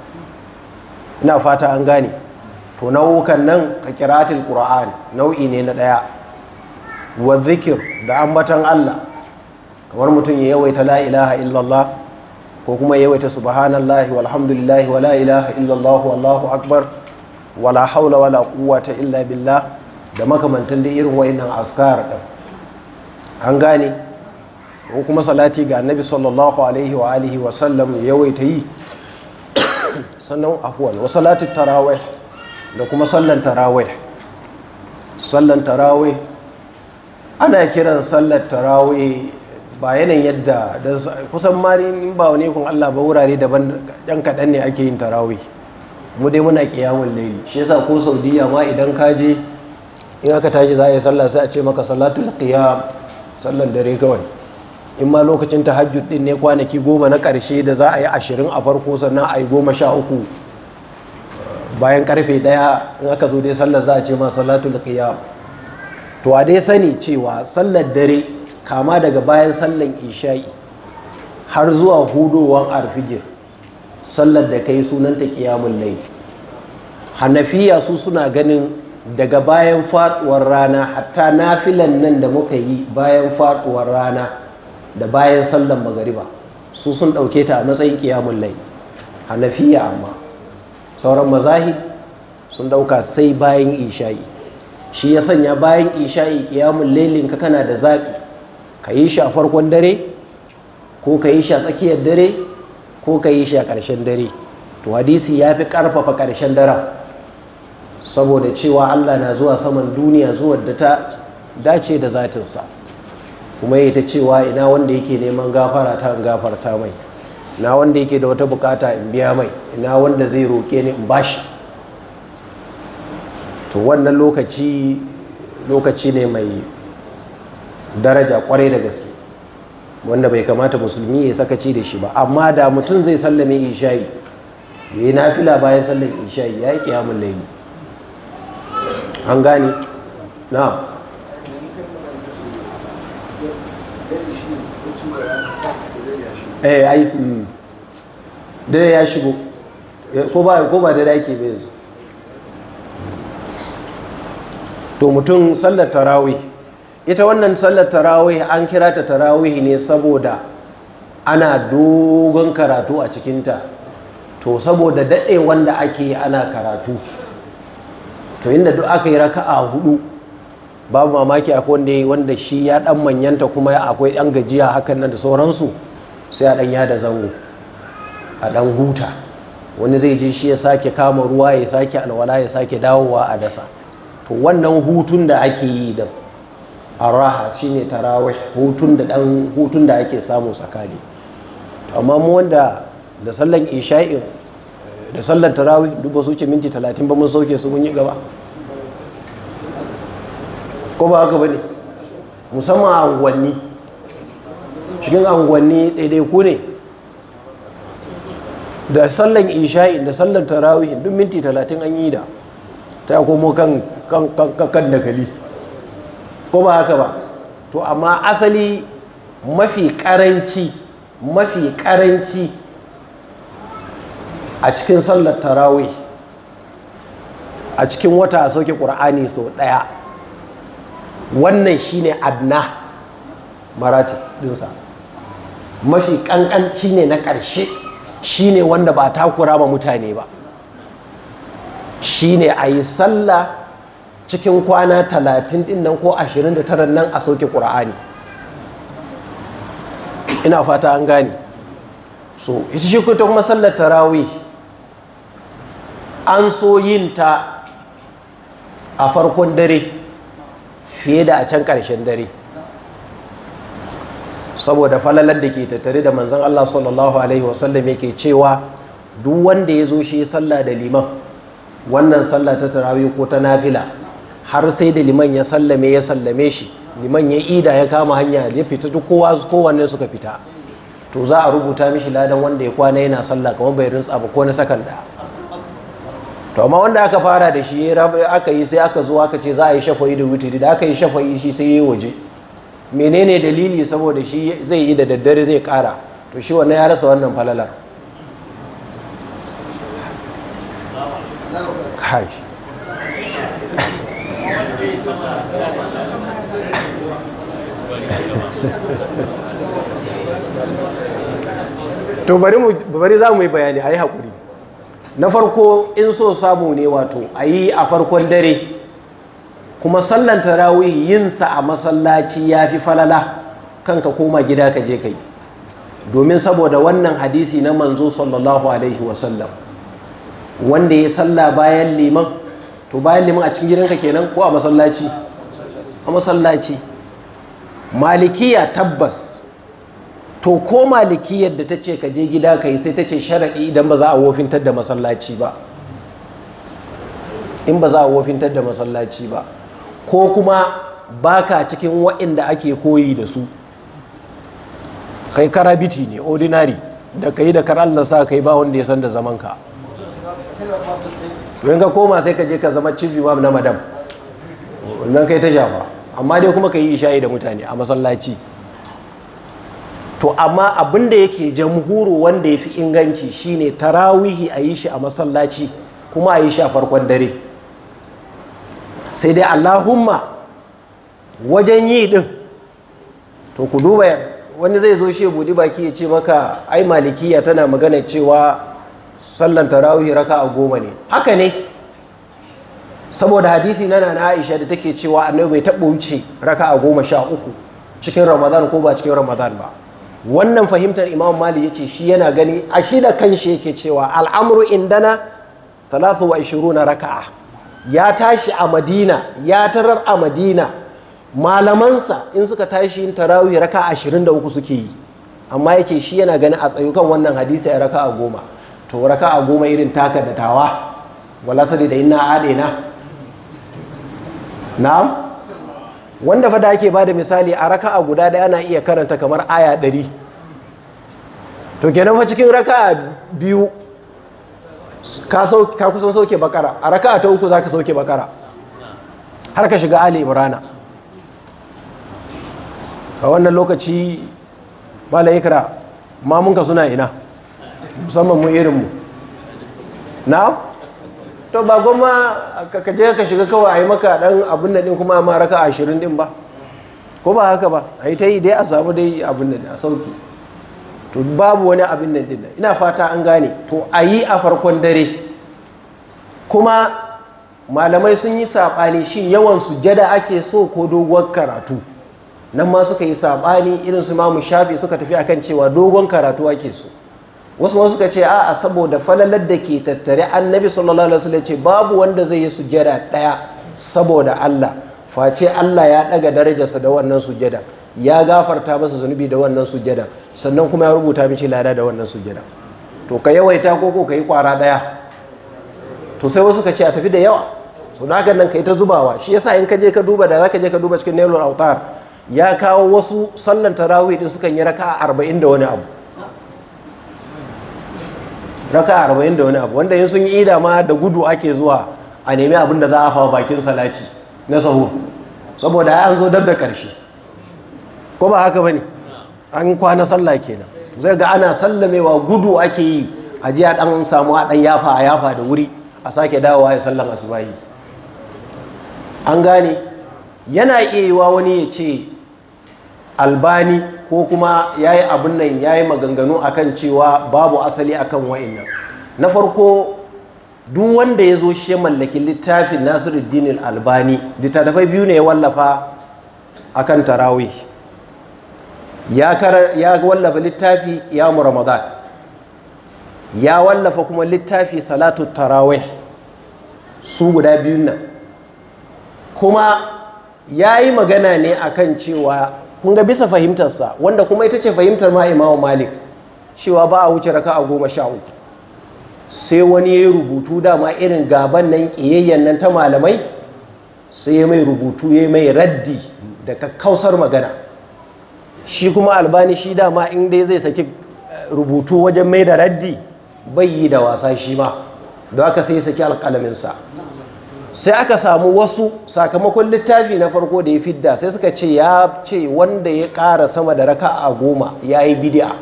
ina fata an gane to nau'ukan nan ka kiratin ƙura'an nau'i ne na ɗaya. wa zikir da ambatan Allah kamar mutum ya yawaita la ilaha illallah ko kuma ya yawaita subhanallahi walhamdulillahi wa la ilaha illallah wallahu akbar wala haula wala quwwata illa billah da makamantan da irin wayannan askar din an gane ko kuma salati ga annabi sallallahu alaihi wa alihi wa sallam yawaita yi sannan afwan wa salati tarawih da kuma sallan tarawih sallan tarawih ana kiran sallar tarawih ba yanayin yadda kusan mari in ba wani kun Allah ba wurare daban yan kaɗan ne ake yin tarawih mu dai muna kiyamun laili shi yasa ko saudiya ma idan ka je in aka tashi za a yi sallah sai a ce maka salatul qiyam sallar dare kawai in ma lokacin tahajjud din ne kwanaki goma na ƙarshe da za a yi ashirin a farko sannan a yi goma sha uku bayan karfe ɗaya in aka zo dai sallar za a ce ma salatul qiyam to a dai sani cewa sallar dare kama daga bayan sallar isha'i har zuwa hudowar arfijir sallar da kai sunanta kiyamun laifi hanafiya su suna ganin daga bayan faduwar rana hatta nafilan nan da muka yi bayan faduwar rana da bayan sallan magariba su sun ɗauke ta a matsayin kiyamun laifi hanafiya amma sauran mazahi sun ɗauka sai bayan isha'i shi ya sanya bayan isha'i kiyamun lailin ka kana da zaɓi ka yi shi a farkon dare ko ka yi shi a tsakiyar dare ko ka yi shi a ƙarshen dare to hadisi ya fi ƙarfafa ƙarshen daren saboda cewa allah na zuwa saman duniya zuwa da ta dace da zatinsa kuma ya ta cewa ina wanda yake neman gafara ta in gafarta mai ina wanda yake da wata bukata in biya mai ina wanda zai roƙe ni in bashi to wannan lokaci lokaci ne mai daraja kwarai da gaske wanda bai kamata musulmi ya sakaci da shi ba amma da mutum zai sallame isha'i ya yi nafila bayan sallan isha'i ya yi kiyamun laini an gane na eh ai hmm. dare ya shigo eh, ko ba dare ake bai to mutum sallar tarawi ita wannan sallar tarawih an kira ta tarawih ne saboda ana dogon karatu a cikinta to saboda daɗe wanda ake ana karatu to inda duk aka yi raka'a hudu babu mamaki akwai wanda ya wanda shi ya dan manyanta kuma akwai yan gajiya hakan nan da sauransu sai a dan yada zango a dan huta wani zai ji shi ya sake kama ruwa ya sake alwala ya sake dawowa a dasa to wannan hutun da ake yi da araha shine tarawih hutun da dan hutun da ake samu tsakani amma mu wanda da sallan isha'in da sallan tarawih duk ba su ce minti 30 ba mun sauke su mun yi gaba ko ba haka bane musamman angwanni shigin angwanni daidai ku ne da sallan isha'in da sallan tarawih duk minti 30 an yi da ta komo kan kan dagali. ko ba haka ba to amma asali mafi karanci mafi karanci a cikin sallar tarawih a cikin wata a sauke ƙur'ani sau ɗaya wannan shine adna marati dinsa mafi ƙanƙanci ne na ƙarshe shi ne wanda ba takura ba mutane ba shine a yi sallah cikin kwana talatin din nan ko ashirin da tara nan a sauke ƙura'ani ina fata an gane so ita shi kuma sallar tarawih an so yin ta a farkon dare fiye da a can ƙarshen dare saboda falalar da ke tattare da manzon Allah sallallahu alaihi wasallam yake cewa duk wanda ya zo shi sallah da liman wannan sallah ta tarawih ko ta nafila har sai da liman ya sallame ya sallame shi liman ya ida ya kama hanya ya fita duk kowa kowanne suka fita to za a rubuta mishi ladan wanda ya kwana yana sallah kamar bai rintsa ba ko na sakan da to amma wanda aka fara da shi aka yi sai aka zo aka ce za a yi shafa'i da witiri da aka yi shafa'i shi sai ya waje menene dalili saboda shi zai yi da daddare zai kara to shi wannan ya rasa wannan falalar to bari za mu yi bayani a yi haƙuri na farko in so samu ne wato a yi a farkon dare kuma sallan tarawih yinsa a masallaci ya fi falala kanka koma gida ka je kai domin saboda wannan hadisi na manzo sallallahu alaihi wasallam wanda ya salla bayan liman to bayan liman a cikin gidanka kenan ko a masallaci a masallaci malikiya tabbas to ko malikiyar da ta ce ka je gida ka yi sai ta ce sharaɗi idan ba za a wofintar da masallaci ba in ba za a wofintar da masallaci ba ko kuma baka cikin waɗanda ake koyi da su kai karabiti ne ordinary da ka yi da karallasa ka sa kai ba wanda ya san da zamanka in ka koma sai ka je ka zama chief imam na madam wannan kai ta shafa amma dai kuma ka yi shayi da mutane a masallaci to amma abin da yake jamhuru wanda ya fi inganci shine tarawihi a yi shi a masallaci kuma a yi shi a farkon dare sai dai allahumma wajen yi din to ku duba wani zai zo shi budi baki ya ce maka ai malikiya tana magana cewa sallan tarawih raka a goma ne haka ne saboda hadisi na na aisha da take cewa annabi bai taɓa wuce raka a goma sha uku cikin ramadan ko ba cikin ramadan ba wannan fahimtar imam mali ya ce shi yana gani a shi da kanshi yake cewa al'amru indana na raka'a ya tashi a madina ya tarar a madina malamansa in suka tashi yin tarawih raka 23 suke yi amma ya shi yana gani a tsayukan wannan hadisi a raka'a goma to raka'a goma irin taka da tawa wala sadi da inna na na'am wanda fada ake bada misali a raka'a guda da ana iya karanta kamar aya ɗari to kenan fa cikin raka'a biyu ka kusan sauke bakara a raka'a ta uku za ka sauke bakara har ka shiga ali imrana a wannan lokaci ba la ikra mamunka suna ina musamman mu irinmu na to ba goma ka je ka shiga kawai a yi maka dan abin da din kuma a maraka ashirin din ba ko ba haka ba a yi ta yi dai a samu dai abin da a sauki to babu wani abin da din ina fata an gane to a yi a farkon dare kuma malamai sun yi saɓani shi yawan sujada ake so ko doguwar karatu nan ma suka yi saɓani irin su mamu shafi suka tafi akan cewa dogon karatu ake so wasu wasu suka ce a'a saboda falalar da ke tattare annabi sallallahu alaihi wasallam ce babu wanda zai yi sujada daya saboda Allah face Allah ya daga darajarsa da wannan sujada ya gafarta masa zunubi da wannan sujada sannan kuma ya rubuta mishi lada da wannan sujada to ka yawaita ko ko kai kwara daya to sai wasu ka ce a tafi da yawa so da haka nan kai ta zubawa shi yasa in ka je ka duba da zaka je ka duba cikin nailul autar ya kawo wasu sallan tarawi din sukan yi raka'a arba'in da wani abu raka arba'in da wani abu wanda yin sun yi ida ma da gudu ake zuwa a nemi abin da za a fawa bakin salati na sahur saboda ya an zo dab da karshe ko ba haka bane an kwana sallah kenan zai ga ana sallamewa gudu ake yi a ji a dan samu a dan yafa a yafa da wuri a sake dawowa ya sallan asubahi an gane yana iya yiwa wani ya ce albani ko kuma ya yi abin nan ya yi maganganu akan cewa babu asali akan wa'innan na farko duk wanda ya zo shi mallakin littafin nasiruddin albani littattafai biyu ne ya wallafa akan tarawi ya wallafa littafi mu ramadan ya wallafa kuma littafi salatu tarawih su guda biyun nan kuma ya yi magana ne akan cewa kun ga bisa fahimtarsa wanda kuma ita ce fahimtar ma imamu malik cewa ba a wuce raka a goma sha uku sai wani ya yi rubutu dama irin gaban nan ƙiyayyen nan ta malamai sai ya mai rubutu ya mai raddi da kakkausar magana shi kuma albani shi dama in dai zai saki eh, rubutu wajen mai da raddi bai yi da wasa shi ma da aka sai saki alƙalaminsa sai aka samu wasu sakamakon littafi na farko da ya fidda sai suka ce ya ce wanda ya kara sama da raka a goma ya yi bidi'a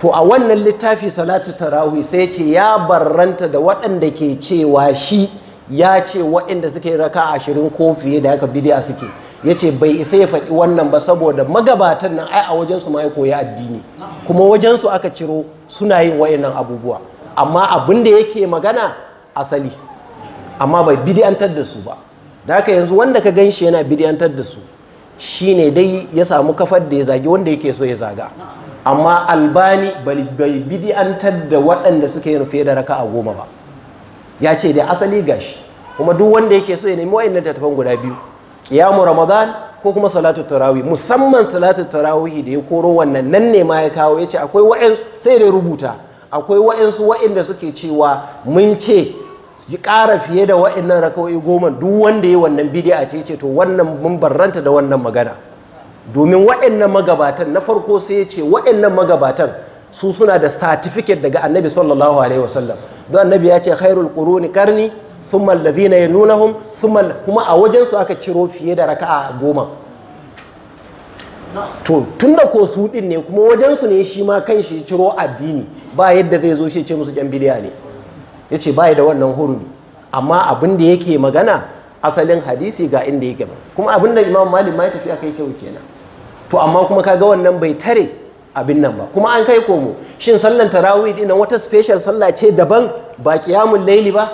to a wannan littafi salatu tarawi sai ce ya barranta da waɗanda ke cewa shi ya ce waɗanda suke raka ashirin ko fiye da haka bidi'a suke ya ce bai isa ya faɗi wannan ba saboda magabatan nan ai a wajensu ma ya koyi addini kuma wajensu aka ciro suna yin waɗannan abubuwa amma abin da yake magana asali amma bai bidiyantar da su ba da haka yanzu wanda ka gan shi yana bidiyantar da su shine dai ya samu kafar da ya zagi wanda yake so ya zaga amma albani bai bidiyantar da waɗanda suke yin fiye da raka a goma ba ya ce dai asali gashi kuma duk wanda yake so ya nemi wa'annan tattafan guda biyu kiyamu ramadan ko kuma salatu tarawi musamman salatu tarawih da ya koro wannan nan ne ma ya kawo ya ce akwai wa'in sai dai rubuta akwai wa'ansu wa'inda suke cewa mun ce Yi ƙara fiye da wa'annan raka'o'i goma duk wanda ya wannan bidiya ce ce to wannan mun barranta da wannan magana domin wa'annan magabatan na farko sai ya ce wa'annan magabatan su suna da satifiket daga annabi sallallahu alaihi wasallam don annabi ya ce khairul quruni karni thumma alladhina yanunahum thumma kuma a wajen su aka ciro fiye da raka'a goma to tunda ko su din ne kuma wajen su ne shi ma kan shi ciro addini ba yadda zai zo shi ce musu jan bidiya ne ya ce bai da wannan hurumi amma abin da yake magana asalin hadisi ga inda yake kuma abin da imam malik ma ya tafi akai kyau kenan to amma kuma ga wannan bai tare abin nan ba kuma an kai komo shin sallan tarawih din wata special sallah ce daban ba qiyamul laili ba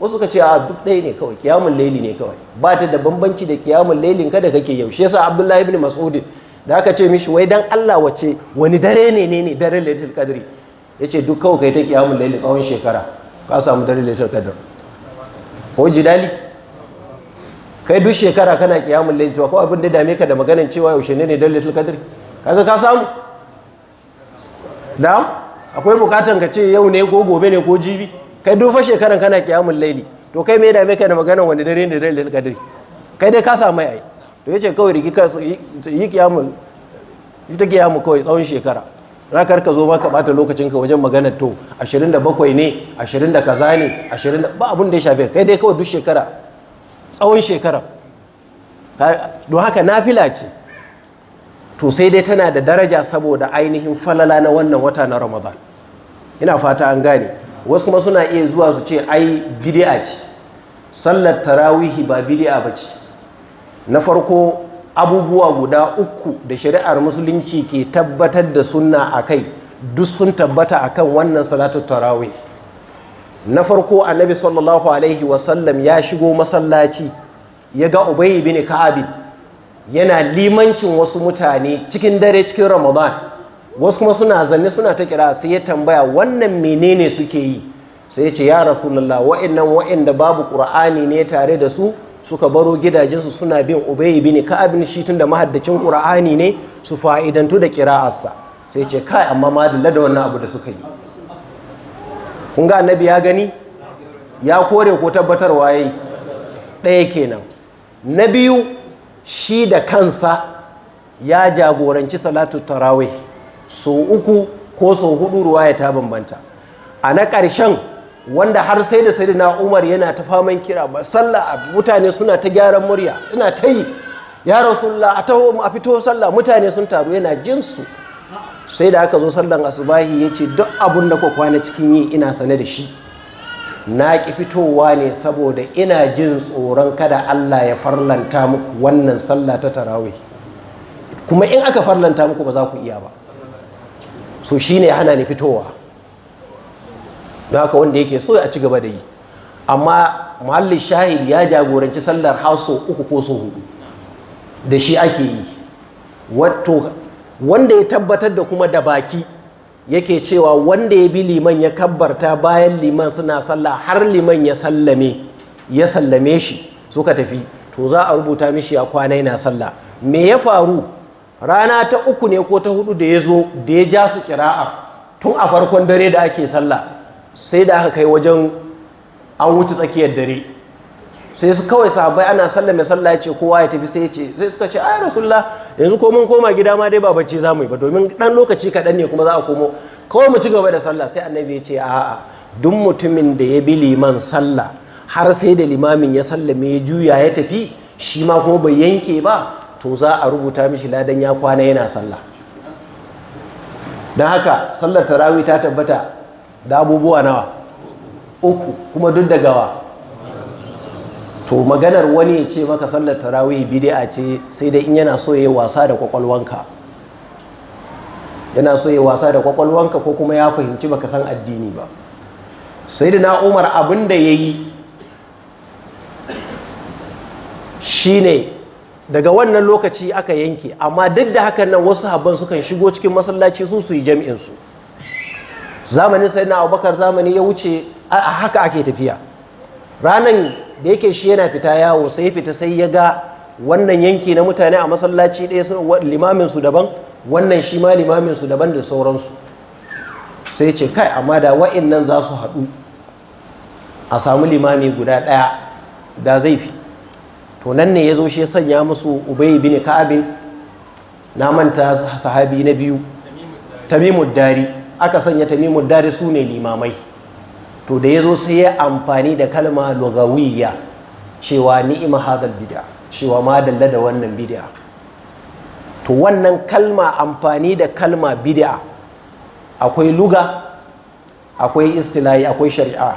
wasu ka ce a duk ɗaya ne kawai qiyamul laili ne kawai ba ta da bambanci da qiyamul lailin ka da kake yau shi yasa abdullahi ibn mas'ud da aka ce mishi wai dan Allah wace wani dare ne ne ne daren lailatul qadri yace duk kawai kai ta qiyamul laili tsawon shekara ka samu dare kadar, qadr ko jidali kai duk shekara kana kiyamun layl ko abin da dame ka da maganin cewa yaushe ne ne dare lailatul qadr kaga ka samu da akwai bukatan ka ce yau ne ko gobe ne ko jibi kai duk fa shekaran kana kiyamun laili to kai me dame ka da maganin wani dare ne dare lailatul kai dai ka samu ai to yace kawai rigi ka yi kiyamun ita kiyamun kawai tsawon shekara za ka rika zo ma ka bata lokacinka wajen maganar to 27 ne 20 da kaza ne 20 ba abin ya shafe kai dai kawai duk shekara tsawon shekara don haka nafila ce to sai dai tana da daraja saboda ainihin falala na wannan wata na ramadan ina fata an gane wasu kuma suna iya zuwa su ce ai bidi'a ce sallar tarawihi ba bidi'a ba ce na farko abubuwa guda uku da shari'ar musulunci ke tabbatar da sunna a kai duk sun tabbata a kan wannan salatu tarawih na farko annabi sallallahu alaihi wasallam ya shigo masallaci ya ga ubayi bin ka'abin yana limancin wasu mutane cikin dare cikin ramadan wasu kuma suna zanne suna ta kira sai ya tambaya wannan menene suke yi sai ya ce ya rasulullah wa'annan wa'anda babu qur'ani ne tare da su suka baro gidajensu suna bin ubayi bin ka'abin shi tun da mahaddacin ƙura'ani ne su fa'idantu da ƙira'arsa sai ce kai amma ma dalla da wannan abu da suka yi kun ga annabi ya gani ya kore ko tabbatar waye ɗaya kenan na biyu shi da kansa ya jagoranci salatu tarawih sau uku ko so hudu ruwa ya ta bambanta a na ƙarshen wanda har sai da sayyidina Umar yana ta faman kira ba sallah mutane suna ta gyaran murya ina ta yi ya rasulullah a taho a fito sallah mutane sun taru yana jin su sai da aka zo sallan asubahi yace duk abun da ku kwana cikin yi ina sane da shi na ki fitowa ne saboda ina jin tsoron kada Allah ya farlanta muku wannan sallah ta tarawih kuma in aka farlanta muku ba za ku iya ba so shine hana ni fitowa don haka wanda yake so ya ci gaba da yi amma muhallin shahid ya jagoranci sallar haso uku ko so hudu da shi ake yi wanda ya tabbatar da kuma da baki yake cewa wanda ya bi liman ya kabbarta bayan liman suna sallah har liman ya sallame ya sallame shi suka tafi to za a rubuta mishi a kwana yana sallah me ya faru rana ta uku ne ko ta hudu da ya zo da ya ja su kira'a tun a farkon dare da ake sallah sai da aka kai wajen an wuce tsakiyar dare sai su kawai sahabbai ana mai sallah ya ce kowa ya tafi sai ya ce sai suka ce ai rasulullah yanzu ko mun koma gida ma dai ba bacci za mu yi ba domin dan lokaci kaɗan ne kuma za a komo kawai mu ci gaba da sallah sai annabi ya ce a'a duk mutumin da ya bi liman sallah har sai da limamin ya sallame ya juya ya tafi shi ma kuma bai yanke ba to za a rubuta mishi ladan ya kwana yana sallah don haka sallar tarawih ta tabbata da abubuwa nawa uku kuma duk da gawa to maganar wani ya ce maka sallar tarawih bid'a ce sai dai in yana so ya wasa da kwakwalwanka yana so ya wasa da kwakwalwanka ko kuma ya fahimci baka san addini ba sai da na umar abin da ya yi shine daga wannan lokaci aka yanke amma duk da hakan nan wasu habban sukan shigo cikin masallaci su su yi jam'insu su zamanin sai na abubakar zamani ya wuce a haka ake tafiya ranan da yake shi yana fita yawo sai ya fita sai ya ga wannan yanki na mutane a masallaci ɗaya limamin limaminsu daban wannan shi ma limamin daban da sauransu sai ce kai amma da wa'innan za su haɗu a samu limami guda ɗaya da zai fi to nan ne ya zo shi sanya musu ubay bin ka'abin na manta sahabi na biyu tamimu dari aka sanya tamimu dare su ne limamai to da ya zo sai ya amfani da kalma lugawiya, cewa ni'ima hadal bid'a cewa ma dalla da wannan bid'a to wannan kalma amfani da kalma bid'a akwai luga akwai istilahi akwai shari'a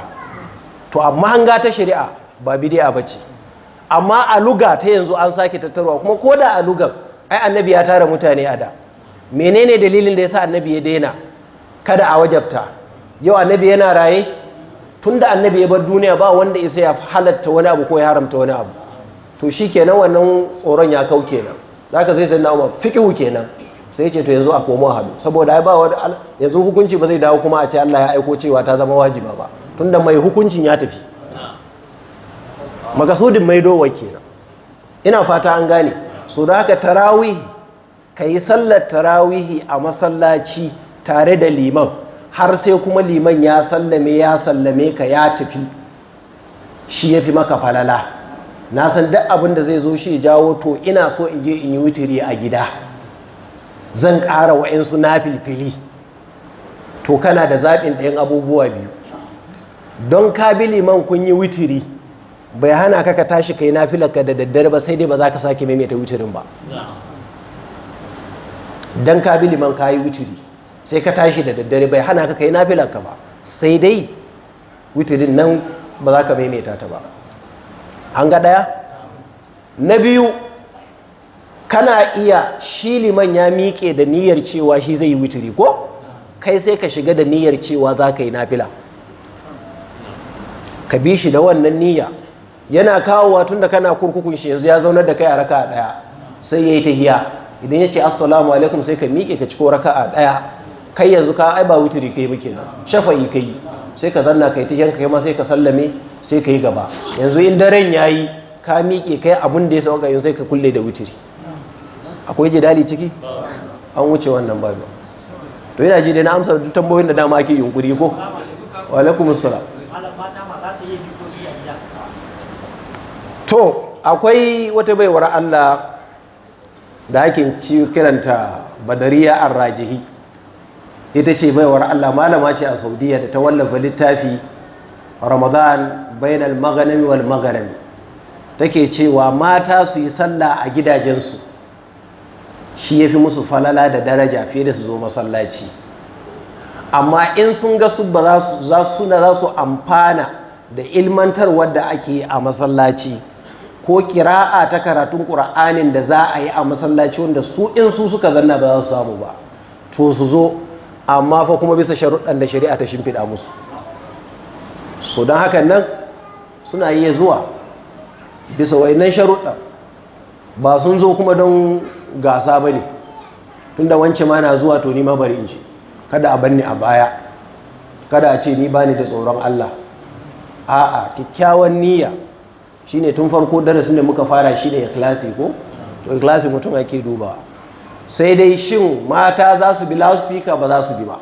to amma hanga ta shari'a ba ba ce. amma a luga ta yanzu an sake tattarwa kuma ko da a lugan ai annabi ya tara mutane a da menene dalilin da yasa annabi ya daina kada a wajabta yau annabi yana raye tunda annabi ya bar duniya ba wanda isa ya halatta wani abu ko ya haramta wani abu to shi kenan wannan tsoron ya kau kenan ka sai sannan Umar fiqhu kenan sai ce to yanzu a a hadu saboda ya ba yanzu hukunci ba zai dawo kuma a ce Allah ya aiko cewa ta zama wajiba ba tunda mai hukuncin ya tafi makasudin mai dowa kenan ina fata an gane so da haka tarawih ka yi sallar tarawihi a masallaci tare da liman har sai kuma liman ya sallame ya sallame ka ya tafi shi ya fi maka falala na san duk abin da zai zo shi jawo to ina so in je in yi wutiri a gida zan ƙara wa'insu na filfili to kana da zaɓin ɗayan abubuwa biyu don ka bi liman kun yi wutiri bai hana ka ka tashi kai na filaka da daddare ba sai dai ba za ka sake maimaita wutirin ba don ka bi liman ka yi wutiri sai ka tashi da daddare bai hana ka kai nafilar ka ba sai dai witirin nan ba za ka maimaita ta ba an ga ɗaya na biyu kana iya shi liman ya miƙe da niyyar cewa shi zai yi witiri ko kai sai ka shiga da niyyar cewa za ka yi nafila ka bi shi da wannan niyya yana kawowa tun da kana kurkukun shi yanzu ya zaunar da kai a raka'a ɗaya sai ya yi tahiya idan ya ce assalamu alaikum sai ka miƙe ka ciko raka'a ɗaya kai yanzu ka ai ba witiri kai ba kenan shafa'i kai sai ka zanna kai ta kai ma sai ka sallame sai ka gaba yanzu in daren yayi ka miƙe kai abin da ya sauka yanzu sai ka kulle da witiri akwai jidali ciki an wuce wannan babu to yana ji da na amsa duk tambayoyin da dama ake yunkuri ko wa alaikum assalam to akwai wata baiwar Allah da ake kiranta badariya rajihi. ita ce baiwar Allah malama ce a saudiya da ta wallafa littafi ramadan bainal maghanami wal take cewa mata su yi sallah a gidajensu shi ya fi musu falala da daraja fiye da su zo masallaci amma in sun ga su ba za su amfana da ilmantar da ake a masallaci ko kira'a ta karatun ƙura'anin da za a yi a masallaci wanda su in su suka zanna ba za su samu ba to su zo amma fa kuma bisa sharuɗan da shari'a ta shimfiɗa musu so don hakan nan suna iya zuwa bisa wainan sharuɗan ba sun zo kuma don gasa ba ne tun da wance ma na zuwa to ni ma bari in ji kada a banni a baya kada a ce ni ba ni da tsoron allah a'a kyakkyawan niyya shine tun farko darasin da muka fara shi da klasi ko to ya klasi mutum ake dubawa sai dai shin mata za su bi lausfika ba za su bi ba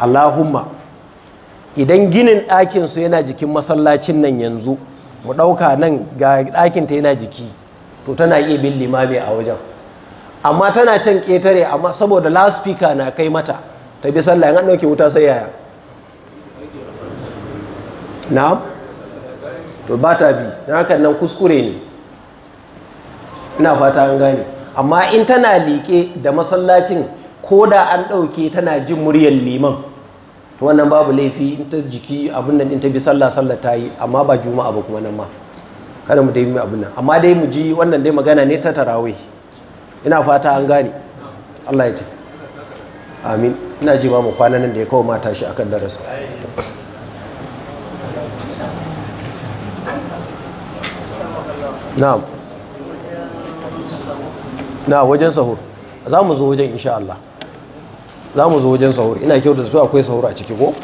allahumma idan ginin ɗakinsu yana jikin masallacin nan yanzu mu ɗauka nan ga ɗakinta yana jiki to tana iya bin limami a wajen amma tana can ƙetare amma saboda lausfika na kai mata ta bi sallah an ɗauke wuta sai yaya na to ba ta bi na hakan nan kuskure ne ina fata an gane amma in tana liƙe da masallacin ko da an ɗauke tana jin muryar liman to wannan babu laifi in ta jiki abin nan in ta bi sallah sallah ta yi amma ba juma'a ba kuma nan ma kada mu dai mu abin nan amma dai mu ji wannan dai magana ne ta tarawih ina fata an gane Allah ya ce amin ina ji ba mu kwana nan da ya kawo mata shi akan darasa na'am na wajen sahur za mu zo wajen insha Allah za mu zo wajen sahur ina kyau da su akwai sahur a ciki ko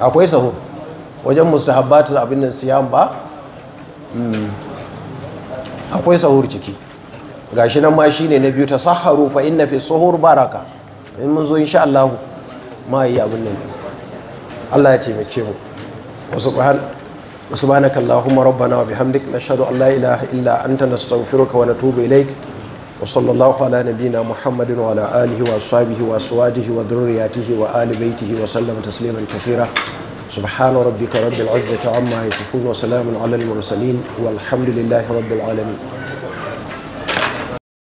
akwai sahur wajen mustahabbatul abin nan siyan ba hmm. akwai sahur ciki gashi nan ma shine na biyu saharu fa inna fi sahur baraka in mun zo insha Allah ma yi abin nan Allah ya taimake mu wa subhan subhanakallahumma rabbana wa bihamdik nashhadu an la ilaha illa anta nastaghfiruka wa natubu ilaik وصلى الله على نبينا محمد وعلى آله وأصحابه وأسواجه وذرياته وآل بيته وسلم تسليما كثيرا سبحان ربك رب العزة عما يصفون وسلام على المرسلين والحمد لله رب العالمين